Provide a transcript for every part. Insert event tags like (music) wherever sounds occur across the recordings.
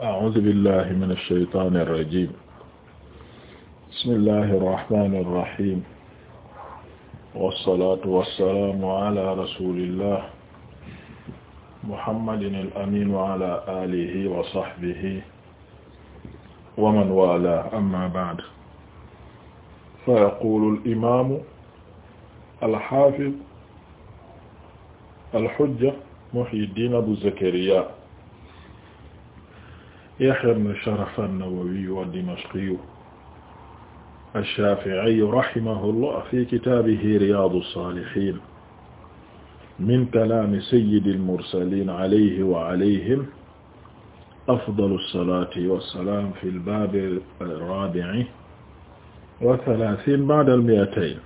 a'uuzu billahi mina shaytaani rajiim bismillahi rahmaani rahiim wassalaatu wassalaamu ala rasuulillah muhammadin al-amiin wa ala aalihi wa sahbihi wa man waalaahu amma ba'd fa yaquulu al-imaamu al-haafiz al-hujja Muhyiddin Abu Zakariya Yahya ibn Sharaf an-Nawawi ad-Dimashqi ash-Shafi'i rahimahullah fi kitaabihi Riyaadu s-Saalihiin min kalaami sayyidil mursaliin alayhi wa alayhim afdalu s-salaati wa s-salaam fil baabi r-raabi'i wa thalaathiin ba'da l-mi'atayn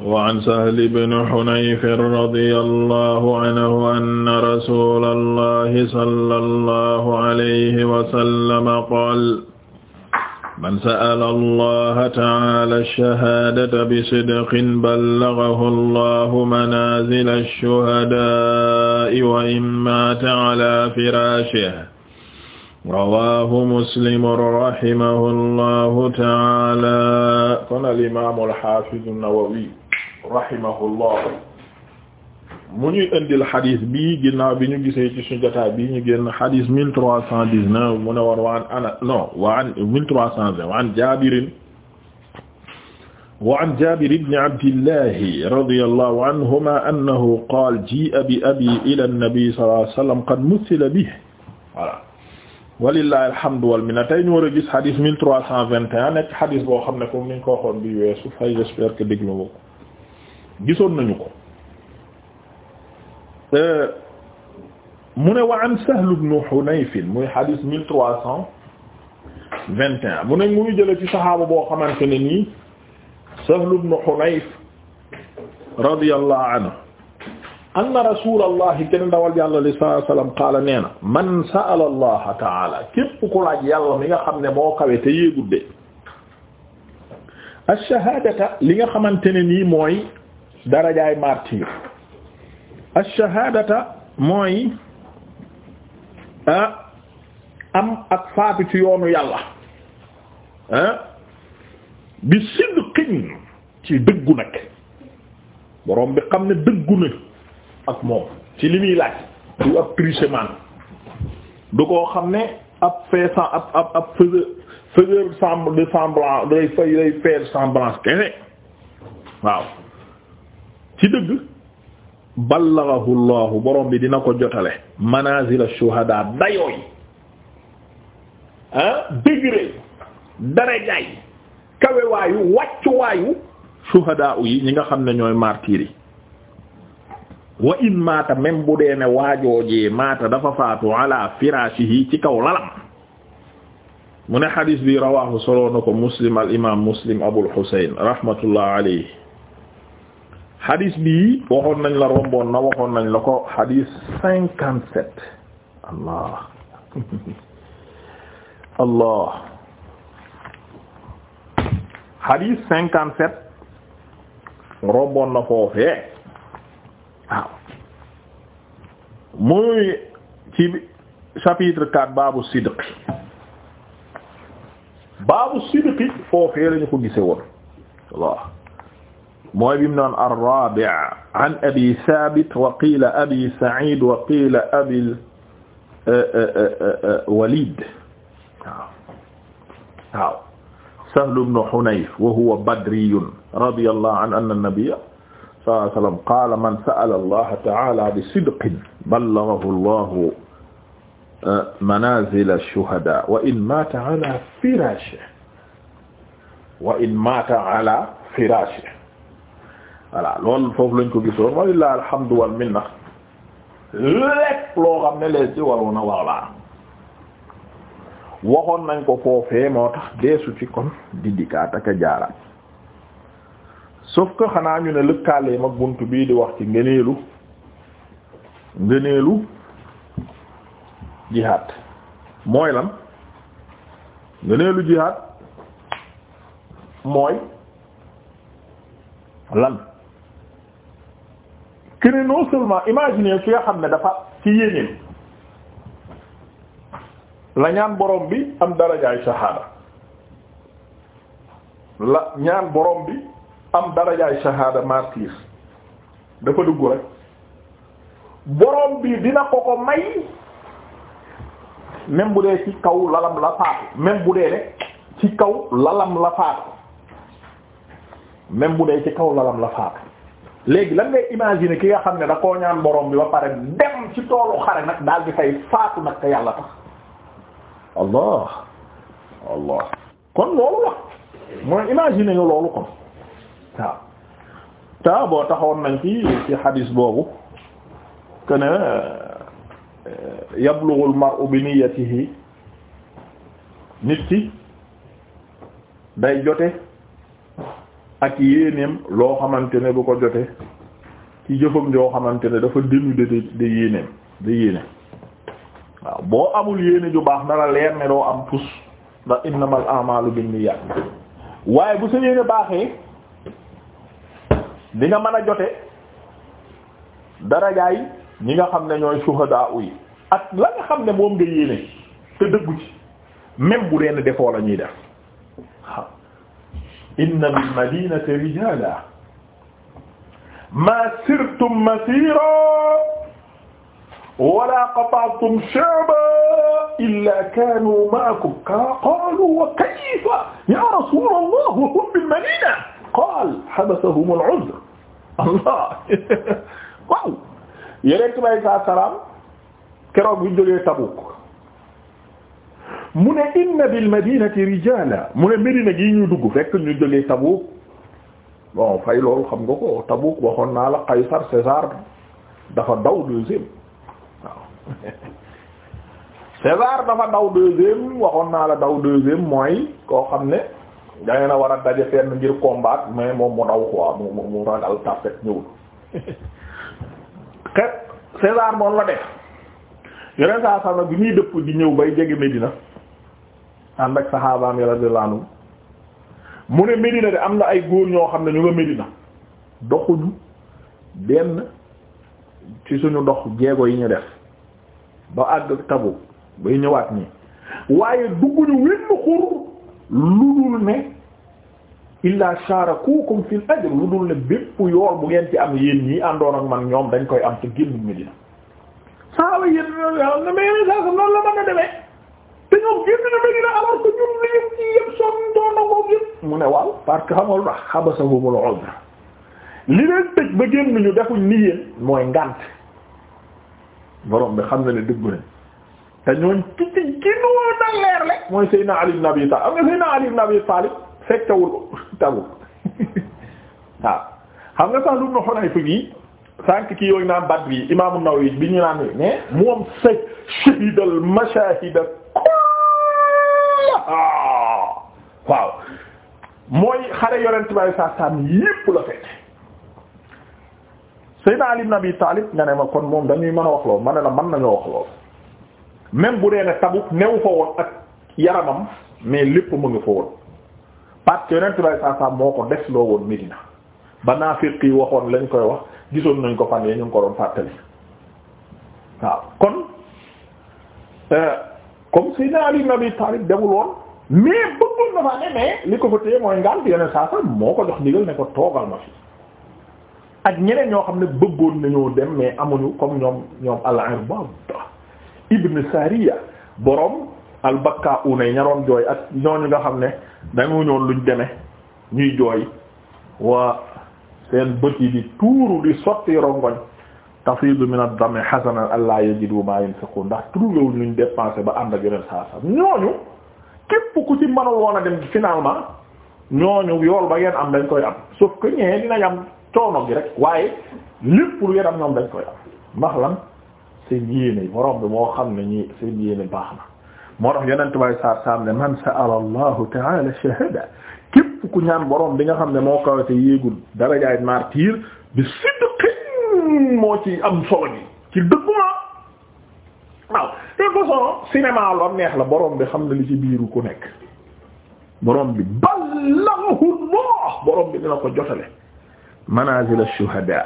وعن سهل بن حنيف رضي الله عنه أن رسول الله صلى الله عليه وسلم قال من سأل الله تعالى الشهادة بصدق بلغه الله منازل الشهداء وإن مات على فراشه rawaahu muslim rahimahu llahu ta'aala kon al-imaam al-haafiz an-Nawawi rahimahullah mu ñuy indil xadis bii ginnaaw bi ñu gisee ci suñu jotaay bii ñu génn xadis mille trois cent dix-neuf mu ne war waan ana non wa an mille trois cent vingt wa an Jaabirin wa an Jaabir ibn Abdillahi radiyallahu anhuma annahu qaala jii'a bi abii ila an-nabi sallallahu alayhi wa sallam qad muthila bihi voilà walillahi alhamdu wal minna tey ñu war a gis xadis mille trois cent vingt et un nekk xadis boo xam ne comme ni ñu ko waxoon bi weesu fay j'espère que déglu nga ko gisoon nañu ko euh, mu ne wa an Sahl ibn Hunayf muy hadith mille trois cent vingt et mu ne mu ngi jële ci saxaaba boo xamante ne nii Sahl ibn Hunayf radiyallahu anhu anna rasulallahi kenn dawal yàlla li sallallahu alayhi wasallam qaala nee na man sa'ala allaha ta'ala képp ku laaj yàlla mi nga xam ne moo kawe te yéegudde ash-shahadata li nga xamante ne nii mooy darajaay martyr ash-shahadata mooy ah am ak faatu ci yoonu yàlla ah bi sidqin ci dëggu nag borom bi xam ne dëggu na ak moom ci li muy du ab du koo xam ne ab fait sans ab ab ab faiseur faiseur semblant de semblant day fay day faire semblance kese waaw ci dëgg ballagahu llahu borom bi dina ko jotale manazil ash-shuhada dayooy ah degré darajaay kawewaayu wàccuwaayu shuhada yi ñi nga xam ne ñooy martyr yi wa in maata même bu dee ne waajoojee maata dafa faatu ala firashihi ci kaw lalam mu ne xadis bi rawahu soloo na ko muslim al imam muslim abul husayn rahmatullah alayhi hadis bii waxoon nañ la romboon na waxoon nañu la ko hadis cinquante sept allah (laughs) allah hadis cinquante sept romboon na foofee waaw muy chapitre quatre baabu sidq baabu sidq foofee lañu ko gise woon waaw mooy bi mu noon ar-Rabi' an Abi Thabit wa qila Abi Sa'id wa qila Abi e, e, e, Walid waaw waaw Sahl ibn Hunayf wa huwa badriyun radiyallahu anhu anna an-nabiyya sallallahu alayhi wa sallam qala man sa'ala Allah ta'ala bi sidqin ballaghahu Allahu manazila ash-shuhada wa in mata ala firashihi wa in mata ala firashihi voilà loolu foofu lañ ko gisoon walillahi alhamdu wal minna lépp loo xam ne lees ci waroon a wax laa waxoon nañ ko foofee moo tax deesu ci kon di dikkaat ak a jaaraat que xanaa ñu ne lëkkaalee mag bunt bii di wax ci ngëneelu ngëneelu jihaad mooy lan ngëneelu jihaad mooy lan que ne non seulement imaginer ki nga xam ne dafa ci yéenéen la ñaan borom bi am darajaay shahada la ñaan borom bi am darajaay shahada martyr dafa dugg rek borom bi dina ko ko may même bu dee ci kaw lalam la faatu même bu dee ci kaw lalam la faatu même bu dee ci kaw lalam la faatu léegi lan ngay imaginer ki nga xam ne da koo ñaan borom bi ba pare dem ci toolu xare nag daal di fay faatu nag te yàlla tax allah allah kon loolu la mooy imaginer yo loolu kon waaw ta boo taxawoon nañ ci ci xadis boobu que ne euh, yablughu al mar'u bi niyyatihi nit ki day jote ak yéeneem loo xamante ne bu ko jotee ci jëfam joo xamante ne dafa dénudé de de yéeneem de yéene waaw boo amul yéene ju baax dara leer ne doo am tus ndax innamal a'malu binniyat waaye bu sa yéene baaxee di nga mën a jote darajaay ñi nga xam ne ñooy suhadaa yi ak la nga xam ne moom nga yéene te dëggu ci même bu deen defoo la ñuy def inna min madinati rijaala maa sirtum masiiran wala qata'tum sha'ban illaa kaanuu ma'akum qaaluu wa kayfa yaa rasuulallah wa hum bil-madiina qaala habasahum al-'uzr allah (laughs) waaw yéen a ngi tudd ay saa salaam keroog bi jógee Tabuk mu ne inna bil madinati rijala mu ne Medina gii ñuy dugg fekk ñu jógee Tabuk bon fay loolu xam nga ko Tabuk waxoon naa la Qaysar César dafa daw deuxième waaw (laughs) César dafa daw deuxième waxoon naa la daw deuxième mooy koo xam ne dangeen na war a daje fenn ngir combattre mais moom mu daw quoi mu mu mu ragal tapet ñëwul (laughs) xet César moom la def yeneen saa sax bi muy dëpp di ñëw bay jege Medina. ànd ak saxaabaam yi radiyallahu anhu mu ne Medina de am na ay góor ñoo xam ne ñu nga Medina doxuñu benn ci suñu dox jéego yi ñu def ba àgg Tabuk bay ñëwaat nii waaye dugguñu wenn xur lu dul ne illa sharakukum fil ajr lu dul ne bépp yool bu ngeen ci am yéen ñii àndoon ak man ñoom dañ koy am te génn Medina saxaaba yéen noonu la mën a demee te ñoom génn na Medina alors que ñun li ñu ci yëpp sonn doon na ko yëpp mu ne waaw parce que xamal ndax xabasahumul li leen tëj ba génn ñu defuñ ni mooy ngànt borom bi xam na ne dëgg nañ te ñooñ ki ci ginnaaw na leer le mooy Seydina Ali am nga Seydina Ali ibn Abi Talib fekkewul Tabuk (laughs) waaw xam nga sax lu na Hunayf gi sànq ki yooyu naan Badr yi Imaamu Nawawi bi ñu naan mais moom sa shahidal mashahida Ah, waaw mooy xare yonent bi saa saa mi yépp la fekk Seydina Ali Abi Talib nga ne ma kon moom dañuy mën a wax lool ma ne la man nañoo wax lool même bu dee ne Tabuk new fa woon ak yaramam mais lépp mu ngi fa woon parce que yonent bi saa moo ko des loo woon Medina ba naafiq yi waxoon lañ koy wax gisoon nañ ko fan yee ñu ngi ko doon fàttali waaw kon. Euh, comme Seydina Ali ibn Abi Talib demul woon mais bëggoon na ne mais li ko fa téye mooy ngànt yeneen saa sax moo ko jox ndigal ne ko toogal ma fi ak ñeneen ñoo xam ne bëggoon nañoo dem mais amuñu comme ñoom ñoom al-Irbad ibn Sariya borom al-Bakka'una yi ñaroon jooy ak ñooñu nga xam ne dañu ñoon luñ demee ñuy jooy waa seen bët yi di tuuru di sotti rongoñ tafiidu min ad-dami hasanan allaa yajidu maa yunfiqun ndax trouvéwul luñ dépensé ba ànd ak yeneen saa saa ñooñu képp ku ci mënul woon a dem finalement ñooñu yool ba ngeen am dañ koy am sauf que ñee dinañ am coono gi rek waaye lépp lu ngeen am ñoom dañ koy am ndax lan seen yéene borom bi moo xam ne ñi seen yéene baax na moo tax yeneen tubaab saa saam ne man sa'ala Allahu ta'ala shahada képp ku ñaan borom bi nga xam ne moo kawate yéegul darajaay martyr bi kon moo ci am solo ji ci dëggu na waaw de façon cinéma lu neex la boroom bi xam na li ci biiru ku nekk boroom bi ballahullah borom bi dina ko jotale manazil ash-shuhada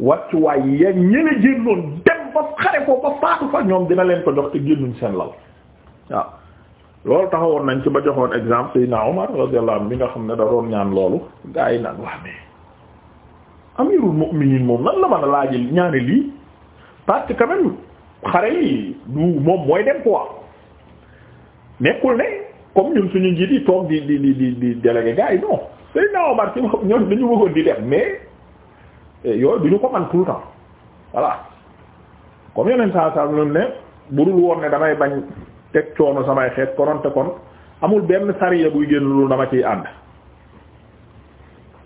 wàccu waay ya génnoon dem ba xare foofu faatu fa ñoom dina leen ko jox te génnuñ seen lal waaw loolu taxawoon nañ ci ba joxoon exemple Seydina Omar radiyallahu anhu bi nga xam ne da ñaan loolu gaa yi naan waa mais amirul mu'minin moom nan la mën a laaji ñaari lii parce que quand xare yi du moom mooy dem quoi nekkul ne comme ñun suñu njiit yi toog di di di di di délégué gars yi non Seydina Omar ci ñoom dañu bëggoon di dem mais yooyu du ñu ko man tout le temps voilà comme yeneen saa saa ñu ne budul woon ne damay bañ teg coono samay xeet kononte kon amul benn sariya buy génn lu dama ciy ànd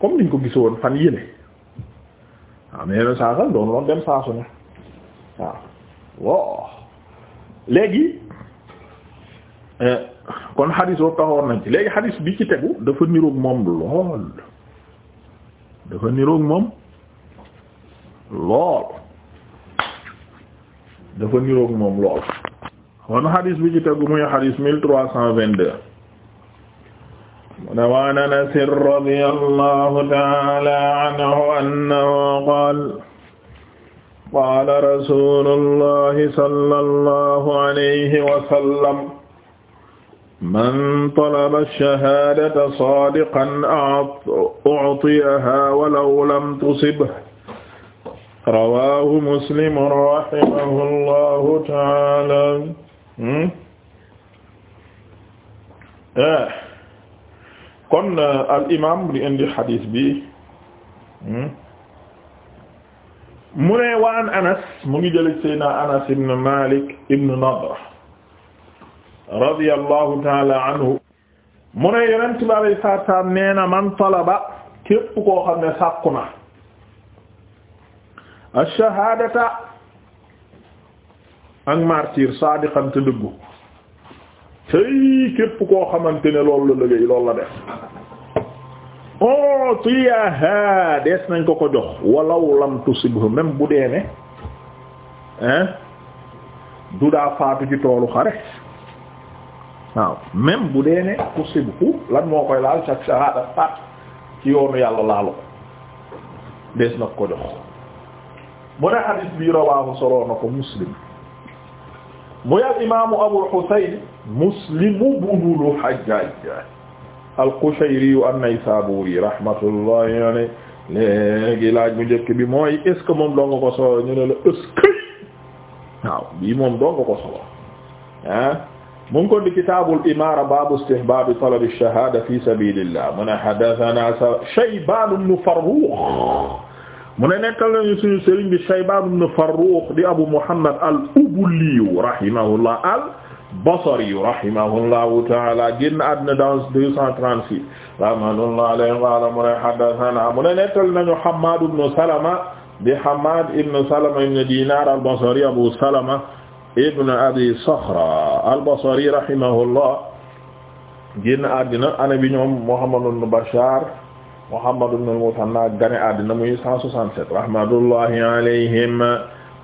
comme niñ ko gisoon fan yële. waaw mais yeneen saa sax doonu loon dem saa su ne waaw wo léegi euh, kon xadis boobu taxawoon nañ ci léegi xadis bi ci tegu dafa niroog moom lool dafa niroog moom lool dafa niroog moom lool kon xadis bi ci tegu muy xadis mille trois cent vingt-deux ne waan Anas radiyallahu ta'ala anhu annahu qaala qaala rasuulullahi sallallahu alayhi wa sallam man talaba ash-shahaadata saadiqan u'tiyahaa walaw lam tusibhu rawaahu Muslim rahimahullahu ta'ala hmm? eh. kon euh, al imam di indi hadith bi hmm? mu ne wa an anas mu ngi jële sayna anas ibn malik ibn nadra radiyallahu taala anhu mu ne yonent bi alayhi salaatu salaam nee na man talaba képp koo xam ne sàkku na ash-shahaadata ak martyr saadiqan te dëggu sëy képp koo xamante ne loolu la liggéey loolu la def o tiyaha dees nañ ko ko jox walaw lam tusibhu même bu dee ne hein du daa faatu ci toolu xare waaw même bu dee ne tusibhu lan moo koy laal ca shahada faat ci yoonu yàlla laalu ko dees na ko jox mu ne hadith bi rawaahu soroona ko muslim muy al imaamu Abul Husayn Muslim ibn al-Hajjaj al-Qushayri an-Naysaburi rahmatullahi alayhi léegi laaj bu njëkk bi mooy est ce que moom doo nga ko solo ñu ne la est ce que waaw bii moom doo nga ko solo ah mu ngi ko di kitaabul imaara baabu istihbaabi talabi ash-shahaada fi sabiilillah mu ne haddathanaa Shaybaan ibn Farrukh mu ne nekkal nañu suñu sëriñ bi Shaybaan ibn Farrukh di Abu Muhammad al-Ubuliyyu rahimahullah al-Basri rahimahullahu ta'ala génn àddina dans 236 rahmatullah alayhi qala mu ne haddathana mu ne nekkal nañu Hammaad ibn Salama di Hammaad ibn Salama ibn Dinar al-Basri Abu Salama ibn Abi Sakhra al-Basri rahimahullah génn àddina ana bi ñoom Muhammad ibn Bashar Muhammad ibn al-Musanna gane àddina muy 167 rahmatullahi alayhim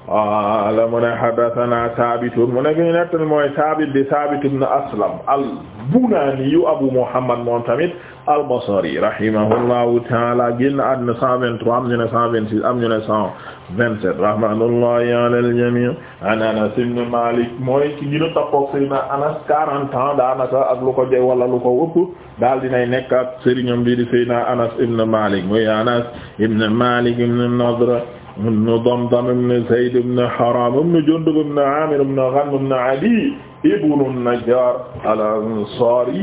qaala mu ne haddasanaa Saabitun mu ne gi ñu nettal mooy Saabit di Saabit ibn Aslam al-Bunaani yu Abu Muhammad moom tamit al-Basri rahimahullahu ta'aala génn àddina 123 am ñu ne 126 am ñu ne 127 rahmatullahi ala al-jamii' an Anas ibn Maalik mooy ci gën a toppoog Sayyidina Anas 40 ans daanaka ak lu ko jege wala lu ko ëpp daal dinay nekk ak sëriñam bi di Sayyidina Anas ibn Maalik mooy Anas ibn Maalik ibn Nadr ibn Damdam ibn Zayd ibn Haram ibn Jundub ibn Amir ibn Ghanm ibn Adi ibn an-Najjar al-Ansari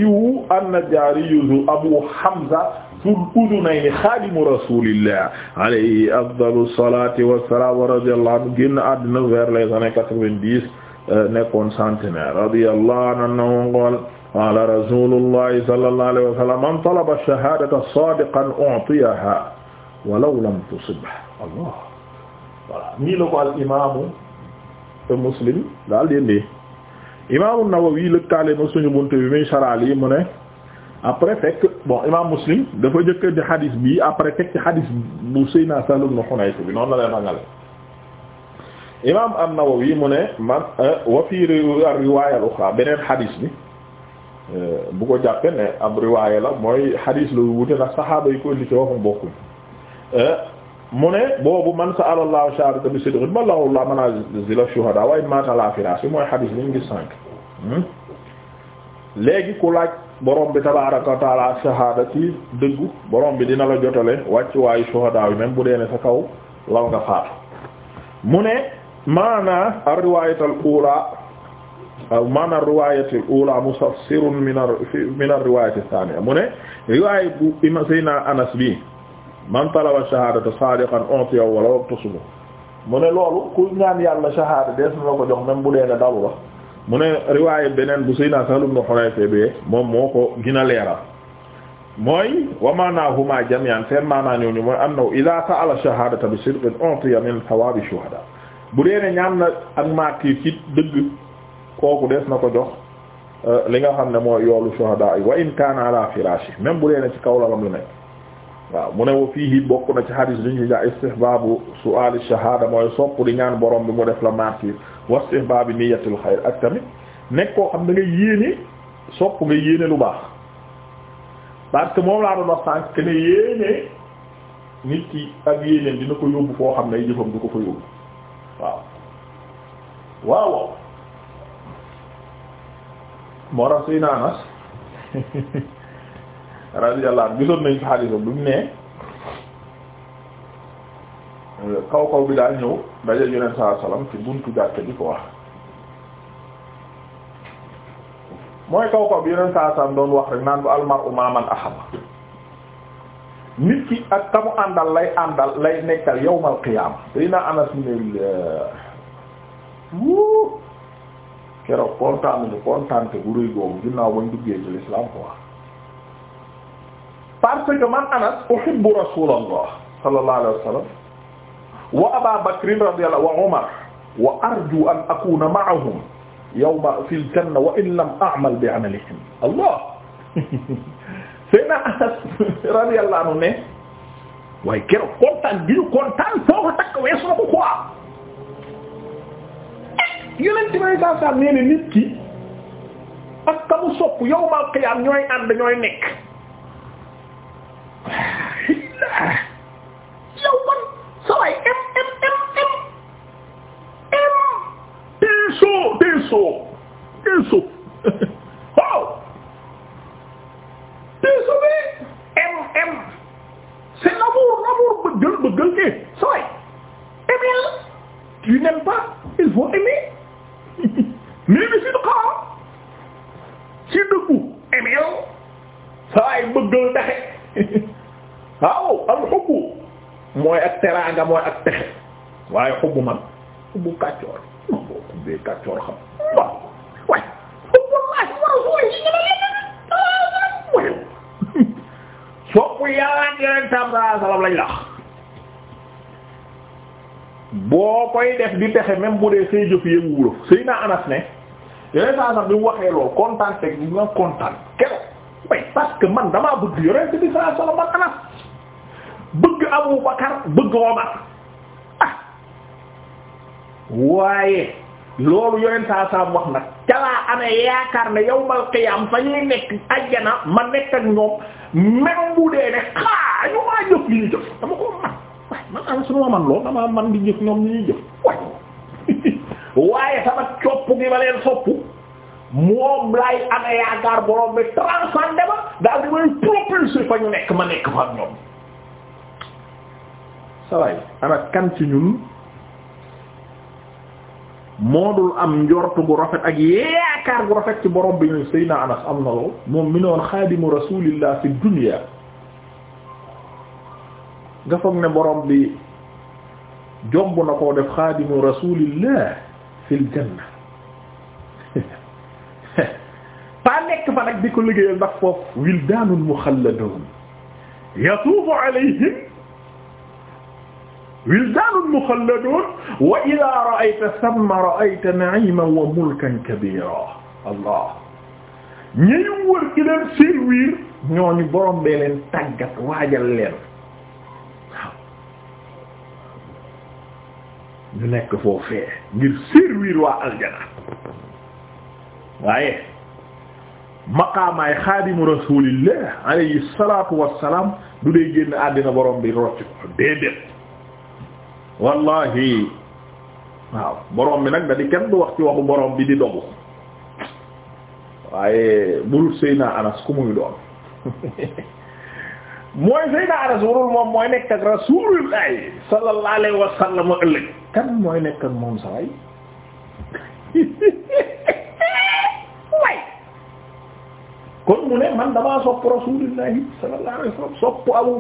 an-Najjari Abu Hamza dhul udunayni xaadimu rasulillah alayhi afdalu salati wassalam wa radiyallahu anhu génn àddina vers les années quatre-vingt-dix euh, nekkoon centenaire radiyallahu anhu qaala qaala rasulullahi sallallahu alayhi wa sallam man talaba ash-shahadata sadiqan u'tiyaha wa law lam tusibhu Allah voilà nii la ko al imaamu muslim daal déndee imaamu Nawawi lëkkaale na suñu buntu bi muy saraal yi mu ne après fekk bon imaam muslim dafa jëkk di xadis bi après fekk ci xadis bu Seydina Sahl ibn Hunayf bi noonu la leen imaam an-Nawawi mu ne man euh, wa fii riwaaya beneen xadis bi euh, bu ko jàppe ne ab riwaaya la mooy xadis la wute ndax saxaaba yi ko indi waxum bokkuñ euh, mu ne boobu man sa'ala Allahu shahadata bi sidqin balaghahu Allahu manazila shuhada wa in mata ala firashi mooy xadis li ñu ngi hmm? ku laaj borom bi tabaaraka wa taala ak shahada ci dëggu borom bi dina la jotale wàcc waayu shuhada yi même bu dee ne sa kaw law nga faatu mu ne maana ar-riwaayatul uulaa maana ar min ar-riwaayati ath-thaaniya mu riwaaya bu ima sayna Anas bi man talaba shahadata sadiqan onti yow wala wap tasumu mu ne loolu ku ñaan yàlla shahada dees na la ko jox même bu dee ne dalu la mu ne riwaaye beneen bu sëy naa salum na xonayfe bee moom moo ko gën a leeral mooy wa maanaahuma jami'an seen maanaa ñooñu mooy annahu idha sa'ala shahadata bi sidqin utiya min thawabi shuhada bu dee ne ñaan na ak martyr ci dëgg kooku des na ko jox euh, li nga xam ne mooy yoolu shuhada yi wa in kaana ala firashi même bu dee ne ci kaw lalam lu nekk waaw mu ne wa fiihi bokk na ci hadis bi ñu ñaa istihbaabu su'aali shahaada mooy sopp di ñaan borom bi mu def la martyr wa istihbaabi niyyatil xayr ak tamit nekk koo xam da nga yéene sopp nga yéene lu baax parce que moom laa doon wax sànq que yéene nit ki ak yéeneen dina ko yóbbu foo xam ne ay jëfam du ko fa yóbbu waaw waaw moo tax naanas (laughs) radiyallahu anhu gisoon nañ fi xadiis bi mu ne kaw kaw bi daal ñëw daje yonent saa salaam ci buntu jàkk ji ko wax mooy kaw kaw bi yonent saa salaam doon wax rek naan bu almar u maaman nit ki ak kamu àndal lay àndal lay nekkal yawmal qiyaama day naa anas mu ne keroog kontaan nañu kontaan te bu rëy googu ginnaaw bañ duggee ci lislaam ko wax parce que man Anas uhibbu rasulallah sallallahu alayhi wa sallam wa Aba Bakrin radiyallahu wa Umar wa arju an akuna ma'ahum yawma fil janna wa in lam a'mal bi amalihim allah (laughs) Seydina Anas radiyallahu anhu ne waaye keroog kontaan bi ñu kontaan foofu takk weesu na ko quoi yeneen ci may saa saa nee na nit ki ak ka mu sopp yawmal qiyaam ñooy ànd ñooy nekk. yow man saway m m m m m m m c'est l'amour l'amour bëggal bëggal ke saway aimer tu n'aimes pas il faut aimer mais bi si du xaw si dëggu aimer waaw alxubbu mooy ak teraanga mooy ak texe waaye xubbu man xubbu kàccoor boo xubbee kàccoor xam waaw waay xubbulaahi wa rasuulihi sopp tam sa salam lañ boo koy def di texe même bu dee say jëf yëngu wulo Seydina Anas ne yeneen saa sax bi waxee lool kontaan teg bi nga kontaan keroog man damaa bëgg yore bi saa salam man bëgg Abu Bakar bëgg waaye loolu yoneen saa wax nag ca laa amee yaakaar ne yawmal qiyaam fa ñuy nekk ajjana ma nekk ak ñoom même bu dee ne xaa ah, ñu maa jëf ñu jëf dama ko ah, man waaye ah, man am su ma man loolu dama man di jëf ñoom ñu ñuy jëf (laughs) waaye sama copp gi ma leen soppu moom laay amee yaakaar borom bi transcendé ba daal di may propulsé fa ñu nekk ma nekk fa ñoom saway ana kan ci ñun moo dul am njort rafet ak yaakaar gu rafet ci borom bi ñu Seydina Anas am na lool moom mi ne woon rasulillah fi dunya nga foog borom bi jomb na koo def xaadimu rasulillah fil janna (laughs) pa nekk fa nag di ko liggéeyal ndax foofu wildaanun muxalladoon yatuufu alayhim wildaanun muxalladuun wa idaa ra'ayta samma ra'ayta na'iiman wa mulkan kabiiraa allah ñuy wër ci leen servir ñooñu borom bee leen tàggat waajal leen ñu nekk foofee ngir servir waa aljana waaye maqaamaay xaadimu rasuulillah alayhi salaatu wa salaam du dee génn àddina borom bi rocc ko déedéet wallahi waaw boroom bi nag da di kenn du wax ci bi di dogu waaye burul Seyna Anas ku muy doon (laughs) mooy Seyna Anas warul moom mooy nekk ak Rasulullah sallallahu alayhi wa sallam mooy nekk moom saway (laughs) way kon mu ne man damaa sopp Rasulullah sallallahu alayhi wa sopp Abu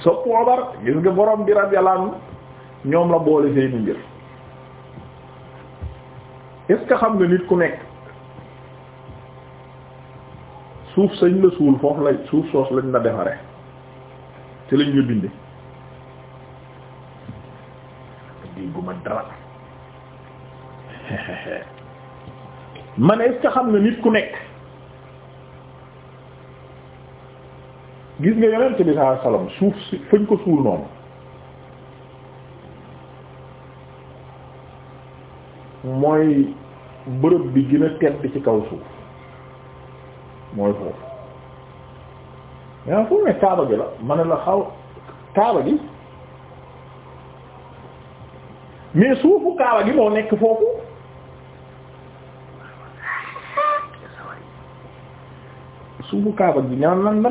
sa poobar gis nga borom bi radiyallahu ñoom la boole seeni mbir est-ce que xam nga nit ku nekk suuf sañ la suul foofu la suuf soos lañ la defare ci lañ la binde dégguma dara (laughs) man est-ce xam ne nit ku nekk gis nga yonent bi saa salaam suuf si fañ ko suul noonu mooy bërëb bi gën a tedd ci kaw suuf mooy foofu yaa foofu ne kaaba gi la ma la xaw kaaba gi mais suufu kaaba gi moo nekk foofu suufu kaaba gi la la la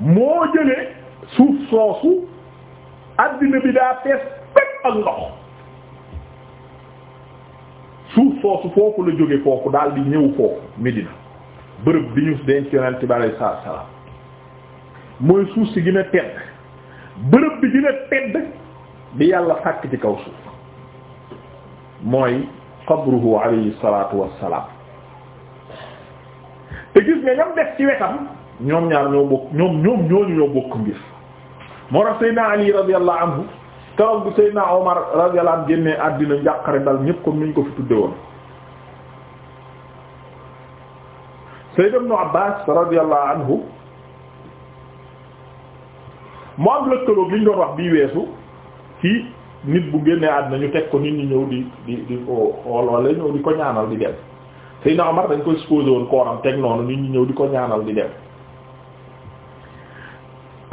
moo jëlee suuf soosu addina bi daa fees bépp ak ndox suuf soosu foofu la jóge foofu daal di ñëw foofu Medina bërëb bi ñu denc yonent bi alayhi salaatu salaam mooy suuf si gën tedd bërëb bi gën tedd bi yàlla sàkk ci kaw suuf mooy qabruhu alayhi salaatu wassalaam te gis nga ñam def ci wetam ñoom ñaar ñoo bokk ñoom ñoom ñooñu ñoo bokk mbir moo tax Seydina Ali radiyallahu anhu kaw bu Seydina Omar radiyallahu anhu génnee àddina njàqare dal ñépp ko ni ñu ko fi tudde woon Sayyid ibn Abbas radiyallahu anhu mu am lëkkaloo bi ñu doon wax bii weesu ci nit bu génnee àdduna ñu teg ko nit ñi ñëw di di di ko xool ñëw di ko ñaanal di dem Seydina Omar dañ ko exposé woon kooram teg noonu nit ñi ñëw di ko ñaanal di dem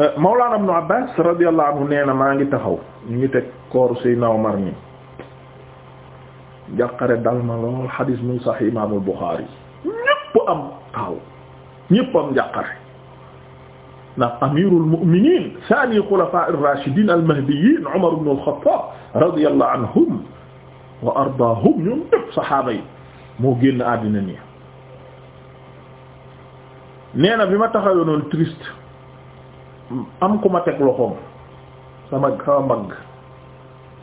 euh, Mawlana Ibn Abbas anhu nee na maa ngi taxaw ñu ngi teg kooru Seydina Omar nii jàqare dal ma lool xadiis muy sax Imaamul Buxaari ñépp am xaaw ñépp am njàqare ndax amirul mu'minin thani khulafa ar-rashidin al-mahdiyyin umar ibn al-khattab radiyallahu anhum wa ardaahum ñoom ñépp saxaaba yi moo génn àddina nii nee na bi ma taxawee noonu triste am ku ma teg loxoom sama sama mbagg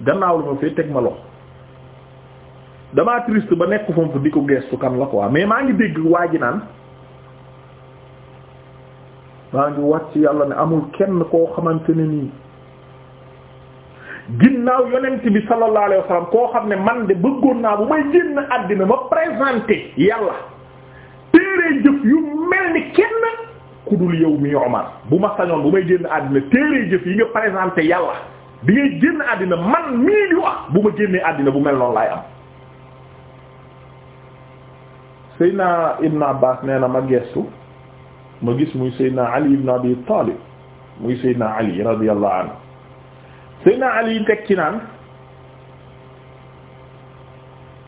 gannaaw lu ma fee teg ma loxo damaa triste ba nekk foofu di ko geestu kan la quoi mais maa ngi dégg waa ji naan maa ngi wàcc yàlla ne amul kenn koo xamante ne nii ginnaaw yonent bi sallallahu alayhi wa koo xam ne man de bëggoon naa bu may génn àddina ma présenté yàlla téere jëf yu mel ni kenn ku yow mi Omar bu ma sañoon bu may génn àddina téere jëf yi nga présenté yàlla bi ngay génn àddina man mii di wax bu ma génnee àddina bu mel noonu laay am Seydina Ibn Abbas nee na ma gestu ma gis muy Seydina Ali ibn Abi Talib muy Seydina Ali radiyallahu anhu Seydina Ali teg ci naan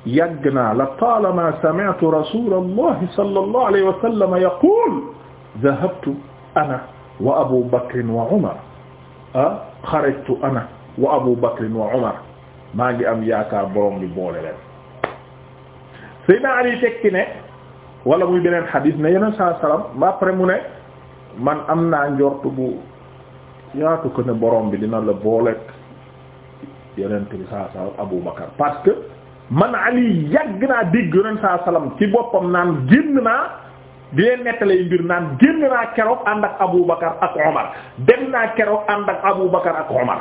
yàgg naa la taalama sami'tu rasulallahi sallallahu alayhi wa sallam yaqul dhahabtu ana wa Abu Bakr wa Umar ah xarajtu ana wa Abu Bakr wa Umar maa ngi am yaakaar borom bi boole leen Seydina Ali tekki ne wala muy beneen xadis ne yeneen salaam ba après mu ne man am naa njort bu yaatu ko ne borom bi dina la booleeg yeneen bi saa salaam Abu Bakar parce que man Ali yàgg naa dégg yeneen salaam ci boppam naan génn naa di leen nettalee mbir naan génn naa keroog ànd ak Abu Bakar ak Omar dem naa keroog ànd ak Abu Bakar ak Omar.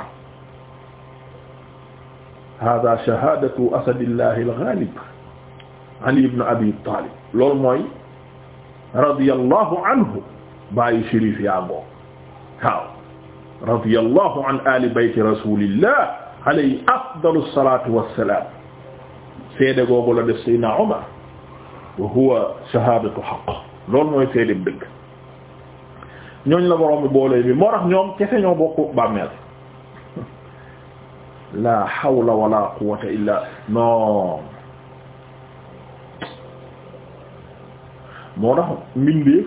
hada shahadatu asadillahi al-ghalib Ali ibn Abi Talib loolu mooy radiyallahu anhu bàyyi shérif yaa ngoo waaw radiyallahu an ali bayti rasulillah alayhi afdalu salatu wassalam seede googu la def Seydina Omar wa huwa shahadatu haqq loolu mooy seede dëgg ñooñ la borom bi boolee bi moo tax ñoom kese ñoo bokk bàmmeel (laughs) la hawla wala quwwata illa non moo tax mbindeef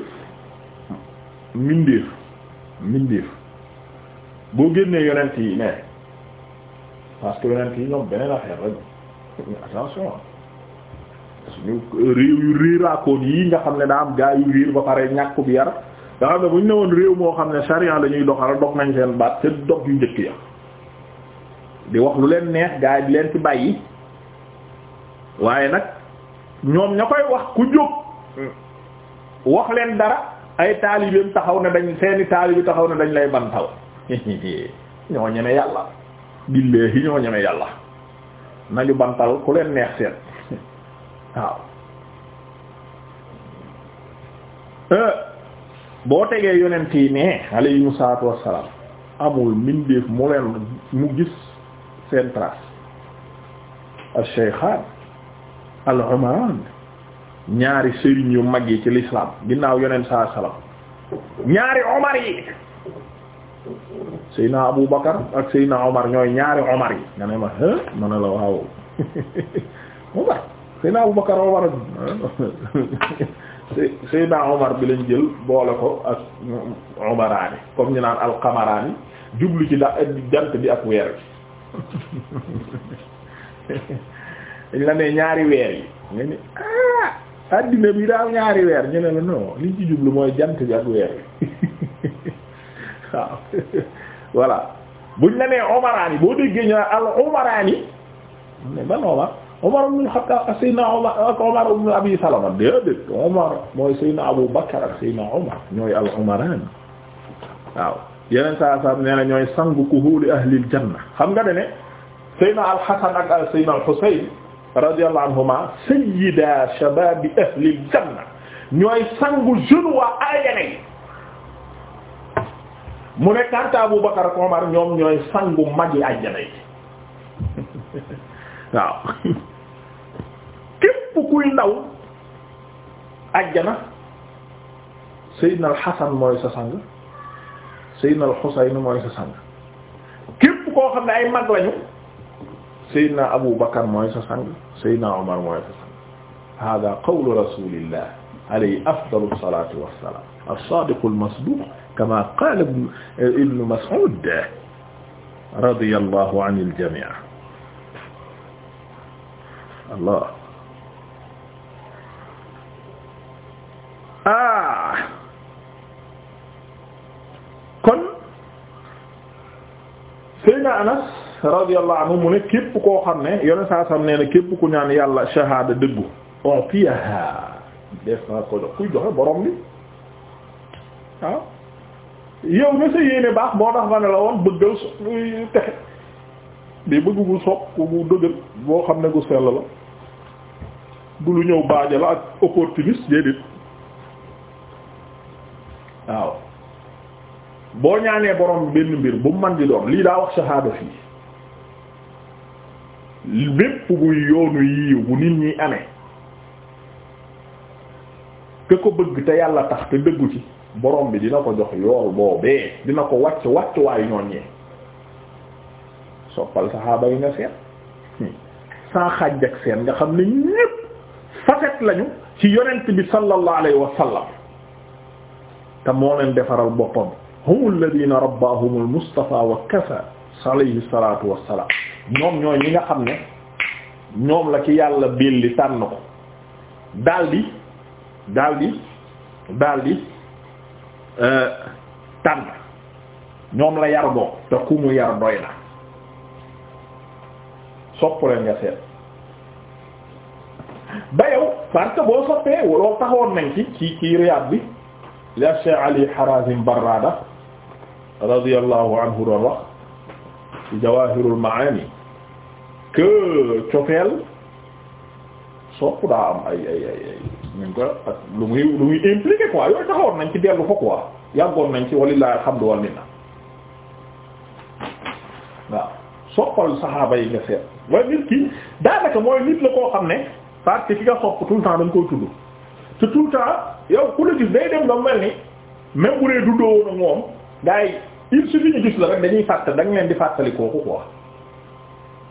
mbindeef mbindeef boo génnee yonent yi ne parce yonent yi ñoom beneen affaire rek attention suñu réew yu réeraakoon yi nga xam ne daa am gaa yu riir ba pare ñàkk bi yar nga xam ne bu ñu ne woon réew moo xam ne sharia la ñuy doxal dox nañ seen baat te dox yu njëkk ya di wax lu leen neex gaa yi di leen ci bàyyi waaye nag ñoom ña koy wax ku jóg wax leen dara ay taalibeem taxaw na dañ seeni taalibi taxaw na dañ lay bantal (laughs) ñoo ñeme yàlla billaahi ñoo ñeme yàlla nañu bantal ku leen neex seet (laughs) waaw euh, boo tegee yonent yi ne alayhimu salaatu wassalaam amul mbindeef mu leen mu gis seen trace al-shaykhaan al-umaraan ñaari sëriñ yu mag yi ci l'islam ginnaaw yonent saa salam ñaari omar yi Seyna Abu Bakar ak Seyna Omar ñooy ñaari Omar yi nga ne ma ma ne la waaw (laughs) Omar Seyna Abu Bakar Omar (laughs) Seyna lañ jël boole ko ak Omaraani jublu ci da jant bi ak weer bi (laughs) dañ la ne ñaari weer yi nga ni ah addina bi daal ñaari weer ñu ne la non liñ ci jublu mooy jant bi ak weer bi (laughs) waaw voilà buñ la nee Omaraani boo déggee ñu al Omaraani ne ban Abi Salama déedéet Omar mooy Seydina Abu Bakar ak Seydina Omar ñooy al Omaraani waaw yeneen saa saa nee na ñooy sangu kuhuuli ahlil janna xam nga ne ne Seydina al Hasan ak Seydina al Husayn radiyallahu anhuma sayyida shababi ahlil janna ñooy sangu jeune waa aljana yi mu ne kanta Abu Bakar ak Omar ñoom ñooy sangu mag yi aljana yi (laughs) waaw (laughs) képp kuy ndaw aljana Seydina al-Hasan mooy sa sang Seydina al-Husayn mooy sa sang képp koo xam ne ay mag lañu Seydina Abu Bakar mooy sa sang Seydina Omar mooy sa sang hada qawlu rasulillah alayhi afdalu salatu wassalam as-sadiqu al-masduq kama qala ibnu eh, Mas'ud radiyallahu anil jami' Allah ah kon Seydina Anas radiyallahu anhu mu ne képp koo xam ne yoneen saa sam nee képp ku ñaan yàlla shahada dëggu on fiyaha def naa ko jox kuy joxe borom bi ah, yow na sa yéene baax moo tax ma ne la woon bëggal so texe bi bëgg gu sopp gu dëgër boo xam ne gu sell la du lu ñëw baaja la ak opportuniste déedéet waaw boo ñaanee borom benn mbir bu man di doon lii daa wax shahada fii bépp buy yoonu yiiw bu nit ñi amee ke ko bëgg te yàlla tax te dëggu ci borom bi dina ko jox yool boobee dina ko wàcc wàcc waayu ñooñee soppal saxaaba yi nga seet sans xàjj ak seen nga xam ne ñépp facette lañu ci yonent bi sallallahu alayhi wa sallam te moo leen defaral boppam hum alladina rabbahum almustafa wa kafa alayhi salaatu wassalaam ñoom ñooy ñi nga xam ne ñoom la ci yàlla belli tànn ko daldi daldi daldi euh, tànn ñoom la yar te ku mu yar doy na soppuleen nga seet ba yow boo soppee loolu taxawoon nañ ci ci ci Riyad bi la Cheikh Ali Harazim Barrada radiyallahu anhu doon wax ci Jawahirul Maani que cofeel sopp daa am ay ay ay ay ko lu muy lu muy impliqué quoi yooyu nañ ci dellu ko quoi yàggoon nañ ci walillahi alhamdu wal minna waaw soppal saxaaba yi nga seet waaye nit ki daanaka mooy nit la koo xam ne parti que ki nga sopp tout dañ koy tudd te tout le temps yow ku la gis day dem nga mel ni même bu dee duddoo woon ak moom gars il suffit ñu gis la rek dañuy fàttali da nga leen di fàttali kooku quoi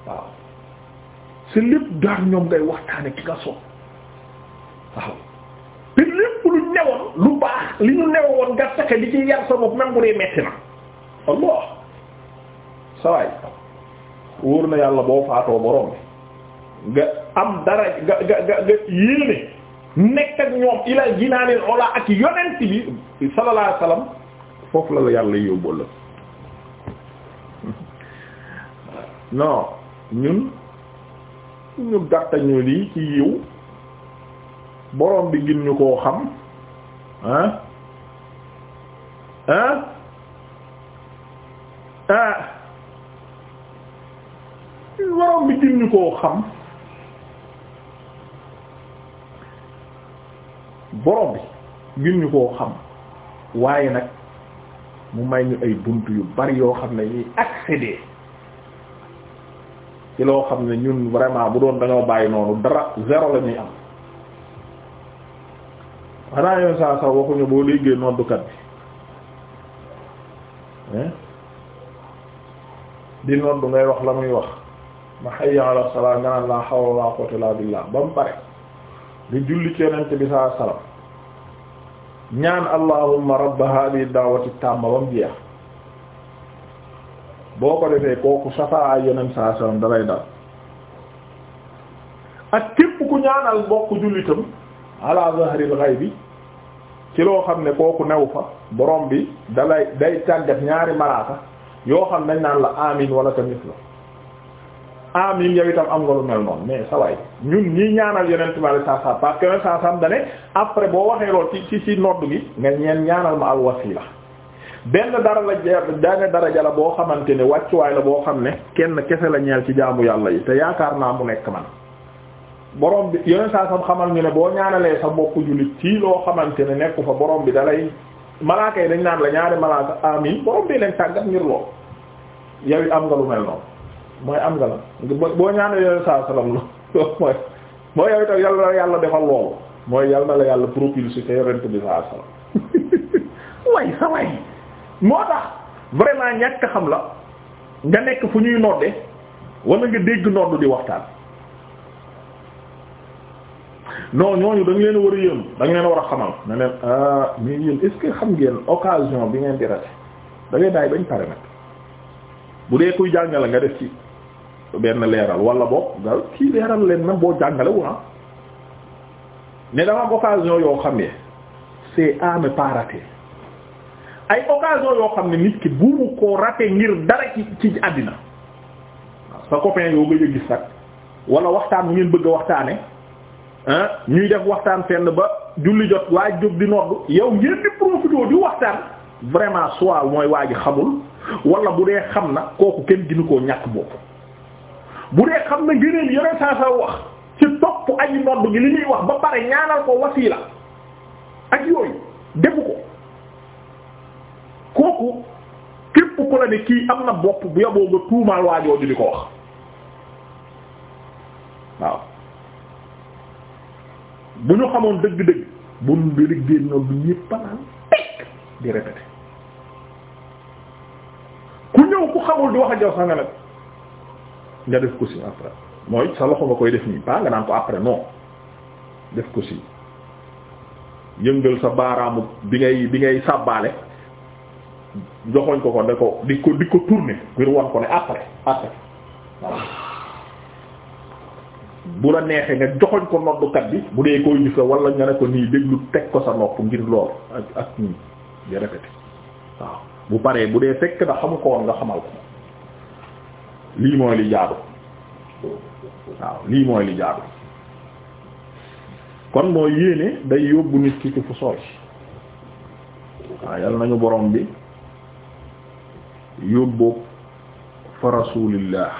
waaw si lépp daal ñoom ngay waxtaane ki nga soog waaw te lépp lu newoon lu baax li ñu newoon nga fexe di ci yar sa bopp même bu dee metti na Allah sawaay wóor na yàlla boo faatoo borom nga am dara nga nga nga nga yéene nekk ak ñoom ila jinaanil ola ak yonent bi sallallahu alayhi wasallam foofu la la yàlla yóbbal la non ñun ñu gàttañu lii ci yiw boroom bi gin ñu koo xam ah ah ah borom bi gin ñu koo xam borom bi gin ñu koo xam waaye nag mu may ñu ay bunt yu bari yoo xam ne ñuy accéder ci loo xam ne ñun vraiment bu doon dañoo bàyyi noonu dara zéro la ñuy am xanaa yoon saa saa waxuñu boo léegi noddukat bi di noddu ngay wax la muy wax ma hayya ala salaa nga naan laa hawla wala quwwata illa billah ba mu pare di julli ci bi saa salaam ñaan allahumma rabba hadhihi da'wati tamma bam jeex boo ko defee kooku safaa yonen saa sallam dalay dal ak képp ku ñaanal bokk jullitam ala zahril ghaibi ci loo xam ne kooku new fa borom bi dalay day tàggat ñaari malaaka yoo xam nañ naan la amin wala tamit la amin yow itam am nga lu mel noonu mais sa waay ñun ñi ñaanal yonent bi alayhi salaam parce que yonent salaam dane après boo waxee lool ci ci ci nodd gi nga ñeen ñaanal ma al wasila benn dara la benn daraja la boo xamante ne wàccuwaay la boo xam ne kenn kese la ñeel ci jaamu yàlla yi te yaakaar naa mu nekk man borom bi yonent salaam xamal ñu ne boo ñaanalee sa mbokku jullit ci loo xamante ne nekku fa borom bi dalay malaaka yi dañ naan la ñaari malaaka amin borom bi leen tàggat ngir lool yow it am nga lu mel noonu mooy am nga la boo ñaanee yoneen saa salaam loolu mooy mooy yàlla na la yàlla defal loolu mooy yàlla na la yàlla propulsé te yonent bi saa salaam way sa way moo tax vraiment ñàkk xam la nga nekk fu ñuy nodde wala nga dégg noddu di waxtaan non ñooñu da nga leen war a yëm da leen war a xamal ne leen ah mais yéen est xam ngeen occasion bi ngeen di rate da ngay bàyyi bañ pare nag bu dee kuy jàngale nga def ci benn leeral wala boog nga kii leeral leen même boo jàngale wu ah ne dama occasion yoo xam ne c'est à ne ay occasion yoo xam ne nit ki bu ko rater ngir dara ci àddina sa copain yoo gëj a gis sax wala waxtaan bu ngeen bëgg waxtaane ah, ñuy def waxtaan fenn ba julli jot waa jóg di yow ngeen di di waxtaan vraiment soit mooy waa ji xamul wala bu dee xam na kooku kenn ginu ko ñàkk bopp bu dee xam na gëneel yoneen saa sa wax ci topp aji nodd gi li muy wax ba pare ñaanal ko wasiila ak yooyu defu ko kooku képp ku la ne kii am na bopp bu yaboo nga tuumaal waajooju di ko wax waaw bu ñu xamoon dëgg-dëgg bu nu dëgg génn ñépp naan tekk di répété ku ñëw ku xamul di wax ak yow sa nga nga def ko si après mooy sa loxo nga koy def nii pas nga naan ko après def ko ci yëngal sa baaraamu bi ngay bi ngay sàbbaale joxoñ ko ko ne ko di ko di ko tourner ngir wan ko ne après après waaw bu la neexee nga joxoñ ko noddukat bi bu dee koy gis la wala nga ne ko nii déglu teg ko sa nopp ngir lool ak nii di répété waaw bu paree bu dee fekk na xamu ko woon nga xamal ko lii mooy li jaadu waaw lii mooy li jaadu kon mooy yéene day yóbbu nit ki ci fu sooy waaw yal nañu borom bi yóbbu fa rasulillah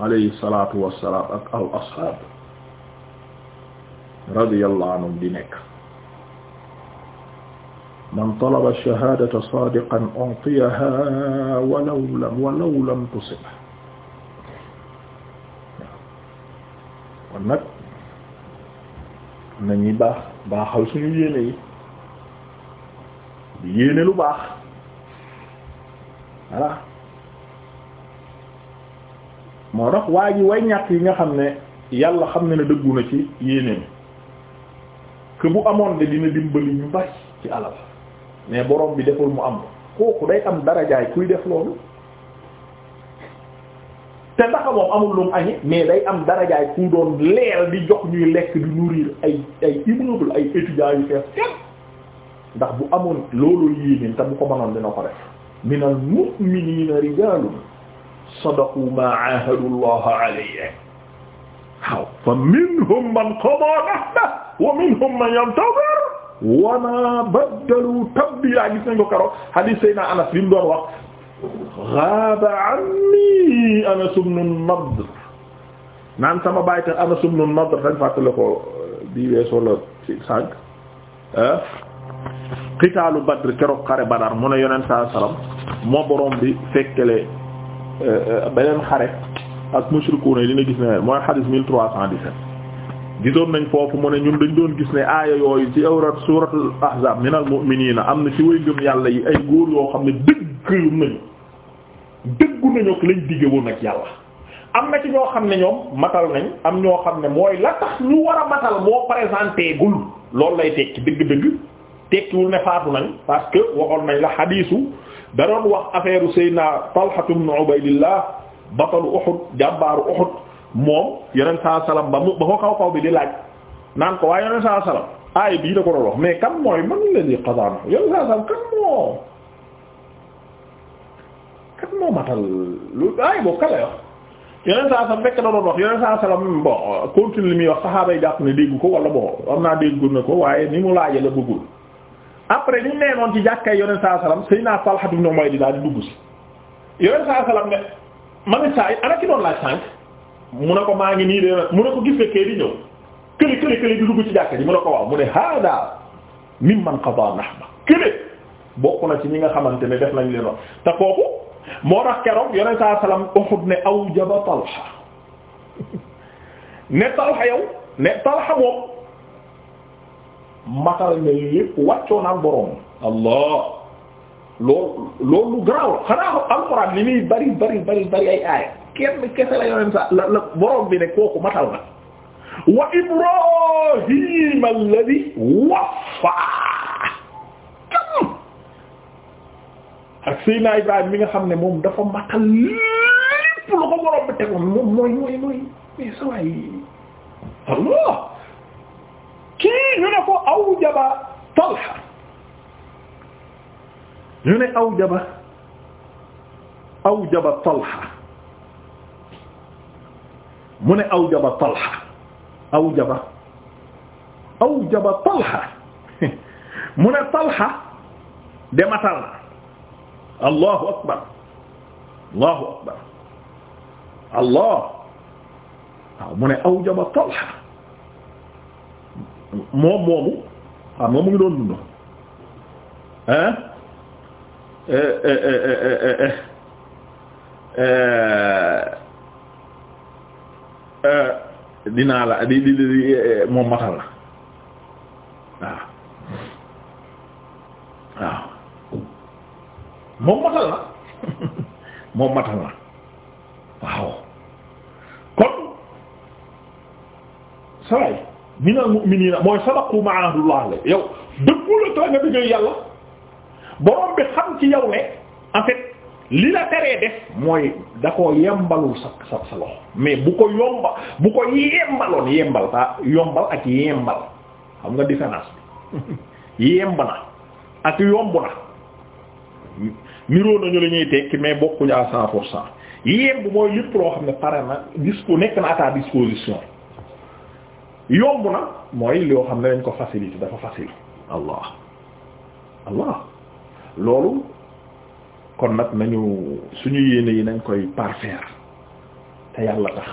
alayhi salaatu wassalaam ak al ashaab radiyallahu anhum di nekk man talaba ash-shahaadata saadiqan u'tiyahaa walaw lam walaw lam tusibhu kon nag nañuy baax baaxal suñu yéene yi yéene lu baax voilà moo tax waa ji way ñàkk yi nga xam ne yàlla xam ne ne dëggu na ci yéeneem que bu amoon de dina dimbali ñu bari ci alal mais borom bi deful mu am kooku day am darajaay kuy def loolu te ndax moom amul day am darajaay ku doon di jox ñuy lekk di nourrir ay ay immeuble bu amoon loolu yéeneen te bu ko mënoon dina ko def minal mu'minina rijalun sadaqu ma ahadu allaha alayhi waaw fa minhum man qadaa nahbahu wa minhum man yantazir wa ma baddalu tabdila gis nañ ko karo Anas bi mu wax gaaba anni Anas ibnu Nadr naan sama baay te Anas ibnu Nadr dañ fàttale ko euh, bii weesoo la ci sànq euh, xitaalu Badr keroog xare Badar mu ne yonent sa salaam moo borom bi fekkele euh, beneen xare ak mushrikuuna yi dina gis ne mooy xadis 1317 gisoon nañ foofu mu ne ñun dañ doon gis ne aaya yooyu ci awrat suuratul ahzaab minal mu'miniina am na ci way gëm yàlla ay góor yoo xam ne dëgg nañu dëggu nañu ak lañ digge woon ak yàlla am na ci ñoo xam ne ñoom matal nañ am ñoo xam ne mooy la tax ñu war a matal moo présenté gul loolu lay tekki dëgg-dëgg tekkiwul ne faatu nañ parce que waxoon nañ la xadiisu da doon wax affaire Seydina Talha ibn Ubaydillah batalu Uhud jàmbaaru Uhud moom yeneen saa salaam ba mu ba ko kaw kaw bi di laaj naan ko waaye yeneen saa salaam aay bii da ko doon wax mais kan mooy man la di xasaana yeneen saa salaam kan moo. moo matal lu aay boobu kale wax yeneen saa salam fekk na doon wax yeneen saa salam bon continue li muy wax saxaaba yi jàpp ne dégg ko wala bon am naa déggu na ko waaye ni mu laaje la bëggul après niñ nee noon ci jàkkay yeneen saa salam sëy naa falxatum ñoom way di daal di dugg si yeneen saa salam ne manit saa yi ana ki doon laaj sànq mu ne ko maa ngi ni de mu ne ko gis fekkee di ñëw kële kële kële di dugg ci jàkk ji mu ne ko waaw mu ne hada mimman qada nahba kële na ci ñi nga xamante ne def nañ leen moo tax keroog yonent saa salaam Uhud ne awjaba Talha ne Talha yow ne Talha moom matal ne lépp wàccoo naan allah loolu loolu lu garaaw la xanaa alxuraan li bari bari bari ay aaya kenn kese la yonent sa la la borom bi ne kooku matal na wa Ibrahim alladhi waffa ak Seydina Ibrahima mi nga xam ne moom dafa ma lépp lu ko borom bi tegoon moom mooy mooy mooy mais sa Allah kii ñu ne ko awjaba Talha ñu ne awjaba awjaba ne awjaba Talha awjaba awjaba Talha (laughs) mu ne Talha de matal allahu akbar allahu akbar allah waaw mu ne awjaba Talha moom moomu xam ah, nga mu ngi doon dund hein dinaa la di di di eh, moom matal moom matal na waaw kon sawaay minal mu'minina mooy sadaqu ma'adullah la yow dëggu la ta nga dëggee yàlla borom bi xam ci yow ne en fait li la teree def mooy da ko yembalul sa sa sa loxo mais bu ko yomba bu ko yembaloon yembal ta ah, yombal ak yembal xam nga différence bi (laughs) yemb na ak yomb na niroo nañu la ñuy tekki mais bokkuñu à cent pour cent yéen mooy lépp loo xam ne pare na dispo nekk na à ta disposition yomb na mooy loo xam ne dañ ko facilité dafa facile allah allah loolu kon nag nañu suñu yéene yi nañ koy parfaire te yàlla tax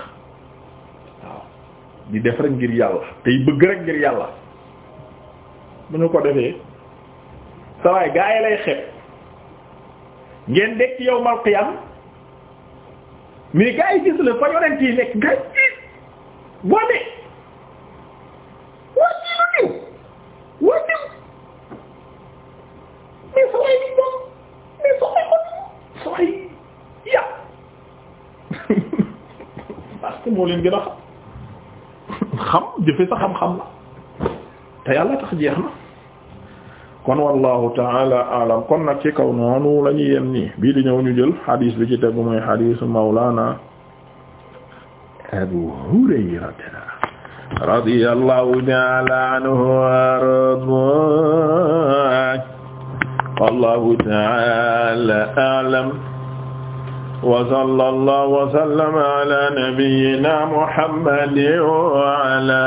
waaw di def ngir yàlla tey bëgg rek ngir yàlla bu ñu ko defee sawaay gaa yi lay xeeb ngeen dekk yow mal qiyam mais gaa yi gis la fa yonent yi nekk gaa yi wane waa ji lu niw waa niw mais saway bi moom mais saway ko saway ya (laughs) parce que moo leen gën a xam xam jëfe sa xam-xam la te yàlla tax jeex na kon wallahu taala alam kon nag ci kaw noonu la ñuy yem nii bii di ñëw ñu jël xadiis bi ci tegu mooy xadiisu mawlaana abu hurayrata radiyallahu taala anhu arda wallahu taala alam wa sallallahu wa sallama ala nabiyyina muhammadin wa ala